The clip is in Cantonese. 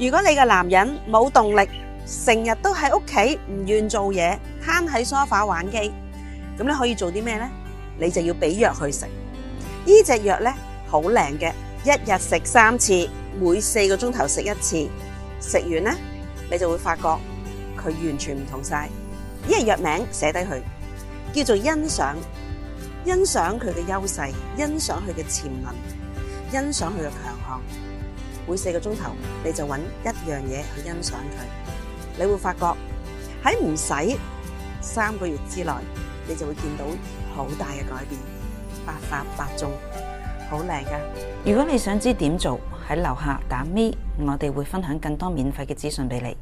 如果你嘅男人冇動力，成日都喺屋企，唔願做嘢，攤喺梳化玩機，咁你可以做啲咩呢？你就要俾藥去食。藥呢隻藥咧好靚嘅，一日食三次，每四個鐘頭食一次。食完呢，你就會發覺佢完全唔同晒。呢個藥名寫低佢，叫做欣賞，欣賞佢嘅優勢，欣賞佢嘅潛能，欣賞佢嘅強項。每四個鐘頭，你就揾一樣嘢去欣賞佢，你會發覺喺唔使三個月之內，你就會見到好大嘅改變，百發百中，好靚㗎！如果你想知點做，喺樓下打咪，我哋會分享更多免費嘅資訊俾你。